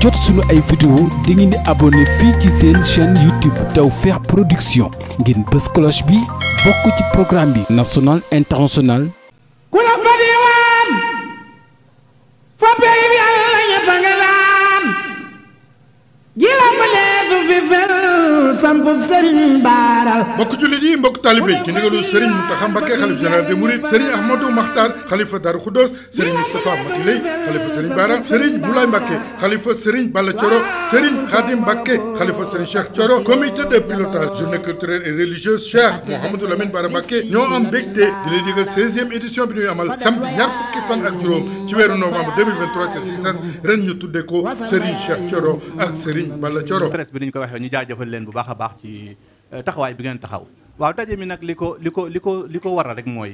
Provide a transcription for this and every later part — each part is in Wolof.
jot suñu ay vidéo da ngeen di abonné fii ci seen chaîne YouTube Tawfekh Production ngeen bës cloche bi bokk ci programme bi national international ku la diwaan fa pey bi Yàlla ñëpp nga daan ji la fa fi fel sampu sëriñ baaral mbokk taalibé yi ci ndigalu Serigne Mountakha Mbacké xalif général des Mourides Serigne Ahmadou Makhtar xalifa Darou Khoudoss Serigne Moustapha Mati Leye xalifa Serigne Bara Serigne Moulay Mbacké xalifa Serigne Balla Thioro Serigne Khadim Mbacké xalifa Serigne Cheikh Thioro comité de pilotage journée culturelle et religieuse Cheikh Mouhamadou Lamine Bara Mbacké ñoo am mbégte di lay digal 16e édition bi ñuy amal samedi ñaar fukki fan ak juróom ci weeru novembre 2023 ca Sisas ren ñu tuddee ko Serigne Cheikh Thioro ak Serigne Balla Thioro presse bi ni ñu ko waxee ñu jaajëfal leen bu baax a baax ci euh, taxawaay bi ngeen taxaw waaw daje mi nag li ko li ko li ko li ko waral rek mooy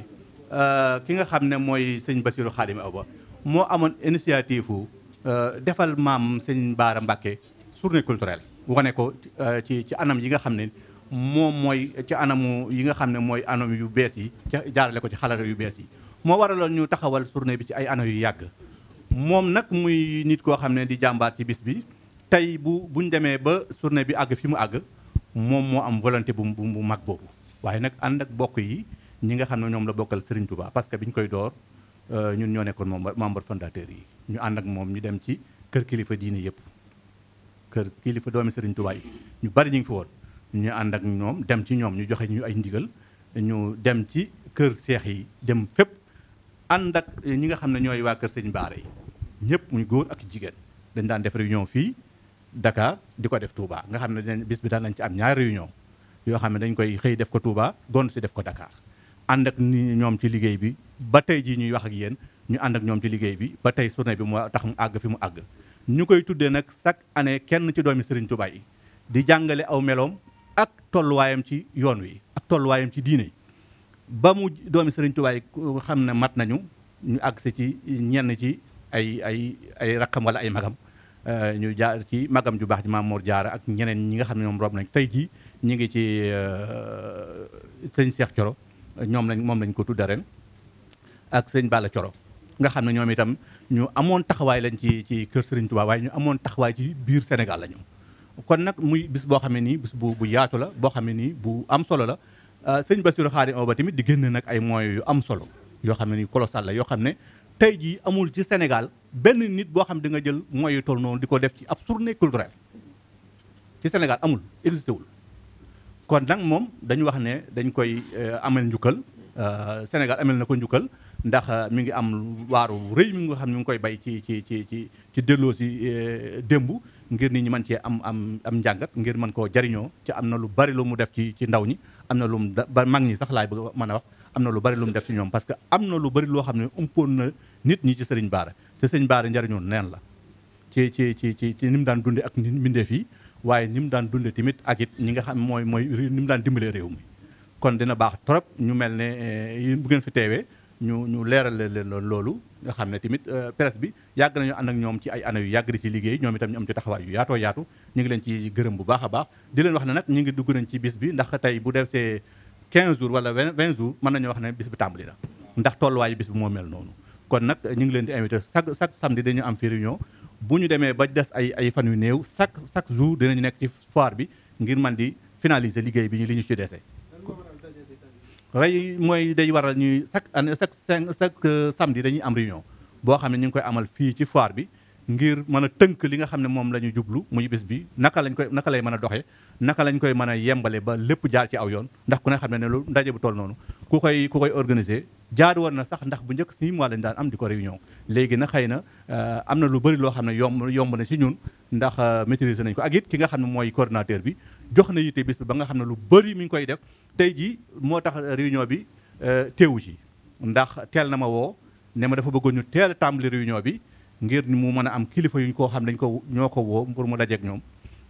euh, ki nga xam ne mooy sëñ Basiru Xaadim Awa moo amoon initiative wu euh, defal maam sëñ Baara Mbàkke journée culturelle wane ko euh, ci ci anam yi nga xam ne moom mooy ci anamu yi nga xam ne mooy anam yu bees yi ca jaarale ko ci xalaat yu bees yi moo waraloon ñu taxawal journée bi ci ay anam yu yàgg moom nag muy nit koo xam ne di jàmbaar ci bis bi tey bu buñ demee ba journée bi àgg fi mu àgg moom moo am volonté bu bu mag boobu waaye nag ànd ak bokk yi ñi nga xam ne ñoom la bokkal Serigne Touba parce que ñu koy door euh, ñun ñoo nekkoon moom membre fondateur yi ñu ànd ak moom ñu dem ci kër kilifa diine yëpp kër kilifa doomi Serigne ñu bari ñu ngi fi ñu ànd ak ñoom dem ci ñoom ñu joxe ñu ay ndigal ñu dem ci kër seex yi dem fépp ànd ak ñi nga xam ne ñooy waa kër Serigne Baara yi ñëpp muy góor ak jigéen dañ daan def réunion fii dakaar di ko def Touba nga xam ne bis bi daan nañ ci am ñaari réunion yoo xam ne dañ koy xëy def ko Touba gon si def ko dakaar ànd ak ñoom ci liggéey bi ba tey jii ñuy wax ak yéen ñu ànd ak ñoom ci liggéey bi ba tey journée bi mu tax mu àgg fi mu àgg ñu koy tuddee nag chaque année kenn ci doomi Serigne Touba yi di jàngale aw meloom ak tolluwaayam ci yoon wi ak tolluwaayam ci diine ba mu doomi Serigne Touba yi xam ne mat nañu ñu àgg ci ñenn ci ay ay ay rakkam wala ay magam Euh, ñu jaar ci magam ju baax ji Maam Mor Jaara ak ñeneen ñi nga xam ne ñoom room nañ tey jii ñu ngi ci euh, sëñ Cheikh Thioro ñoom lañ moom lañ ko tudda ren ak sëñ Balla coro nga xam ne ñoom itam ñu amoon taxawaay lañ ci ci kër Serigne Touba waaye ñu amoon taxawaay ci biir Sénégal la ñu kon nag muy bis boo xam ne nii bis bu bu yaatu la boo xam ne nii bu am solo la euh, sëñ Bassirou Khadim Awa tamit di génn nag ay moyens yu am solo yoo xam ne ni colossal la yoo xam ne tey jii amul ci Sénégal benn nit boo xam di nga jël moyens yu toll noonu di ko def ci ab journée culturelle ci Sénégal amul existé wul kon nag moom dañu wax ne dañ koy euh, amal njukkal euh, Sénégal amel na ko njukkal ndax euh, mu ngi am waaru rëy mi nga xam ne mi ngi koy bay ci ci ci ci ci delloo si démb ngir nit ñi mën cee am am am njàngat ngir mën koo jariñoo ci am na lu bari lu mu def ci ci ndaw ñi am na lu mu ba mag ñi sax laay bëgg mën a wax am na lu bari lu mu def ci ñoom parce que am na lu bari loo xam ne umpoon na nit ñi ci Serigne Bara te sëñ Baara njariñoon neen la ci ci ci ci ni mu daan dunde ak mbindeef yi waaye ni mu daan dunde tamit ak it ñi nga xam mooy mooy ni mu daan dimbalee réew mi kon dina baax trop ñu mel ne eh, bu ngeen fi teewee ñu ñu leeral leen loolu nga xam ne tamit eh, presse bi yàgg nañu ànd ak ñoom ci ay année yu yàgg di ci liggéey ñoom itam ñu am ci taxawaay yu yaatoo yaatu ñu ngi leen ci gërëm bu baax a baax di leen wax ne nag ñu ngi dugg nañ ci bis bi ndax tey bu def see 15 jours wala 20 jours mën nañu wax ne bis bi tàmbali na ndax tolluwaayu bis bi moo noonu kon nag ñu ngi leen di invité chaque chaque samedi dañu am fi réunion bu ñu demee ba des ay ay fan yu néew chaque chaque jour dinañu nekk ci foire bi ngir man di finaliser liggéey bi ñu li ñu ci desee rey mooy day waral ñuy chaque année chaque cinq chaque euh, samedi dañuy am rion boo xam ne ñu ngi koy amal fii ci foire bi. ngir mën a tënk li nga xam ne moom la ñu jublu muy bés bi naka lañ koy naka lay mën a doxee naka lañ koy mën a yembale ba lépp jaar ci aw yoon ndax ku ne xam ne ne lu ndaje bu tool noonu ku koy ku koy organiser jaar war na sax ndax bu njëkk si mois lañ daan am di ko réunion léegi na xëy na euh, am na lu bari loo xam ne yomb yomb na si ñun ndax euh, maîtriser nañ ko ak it ki nga xam ne mooy coordinateur bi jox na yitte bis bi ba nga xam ne lu bëri mu ngi koy def tey jii moo tax euh, réunion bi teewu ci ndax teel na ma woo ne ma dafa bëggoon ñu teel a tàmbali bi ngir mu mën a am kilifa yuñ ko xam ne dañ ko ñoo ko woo pour mu dajeek ñoom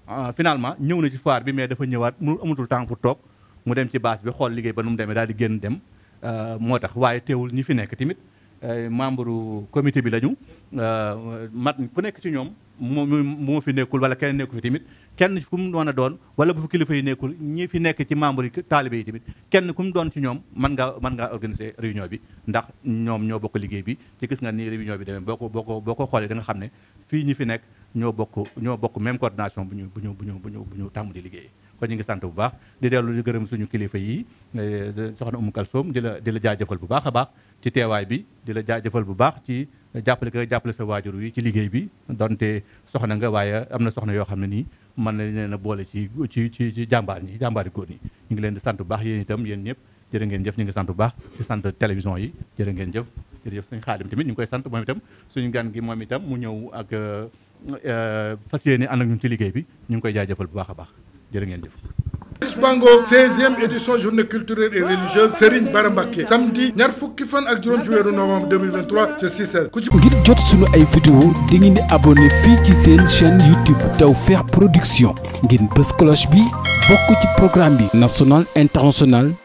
ah, finalement ñëw na ci foire bi mais dafa ñëwaat mu amatul temps pour toog mu dem ci baas bi xool liggéey ba nu mu demee daal di génn dem ah, moo tax waaye teewul ñi fi nekk tamit membre commité bi lañu euh, mat ku nekk ci ñoom mu moo fi nekkul wala kenn nekku fi tamit kenn fu mu doon a doon wala bu fi kilifa yi nekkul ñi fi nekk ci membre yi taalibe yi tamit kenn ku mu doon ci ñoom mën ngaa mën ngaa organiser réunion bi ndax ñoom ñoo bokk liggéey bi ci gis nga ni réunion bi demee boo ko boo ko ko xoolee danga xam ne fii ñi fi nekk ñoo bokk ñoo bokk même coordination bu ñu bu ñu bu ñu bu ñu bu ñu tàmm di liggéey kon ñu ngi sant bu baax di dellu di gërëm suñu kilifa yi eh, soxna Umu Kalsoom di la di la jëfal bu baax a baax ci teewaay bi di la jaajëfal bu baax ci jàppale ko jàppale sa waajur wi ci liggéey bi donte soxna nga waaye am na soxna yoo xam ne nii mën na leen a boole ci ci ci ci jàmbaar ñi jàmbaari góor ñi ñu ngi leen di sant bu baax yéen itam yéen ñëpp jërë ngeen jëf ñu ngi sant bu baax di sant télévision yi jërë ngeen jëf jërëjëf suñu xaadim tamit ñu ngi koy sant moom itam suñu gan gi moom itam mu ñëw ak eh, fas yéene ànd ak ñun ci liggéey bi ñu ngi koy jaajëfal bu baax a baax jërë ngeen jëf Bango 16e édition journée culturelle et religieuse Serigne Bara samedi ñaar fukki fan ak juróom ci weeru novembre 2023 ci 6h ku ci ngir jot sunu ay vidéo di ngeen di abonné fii ci seen chaîne YouTube Tawfekh Production ngeen bës cloche bi bokk ci programme bi national international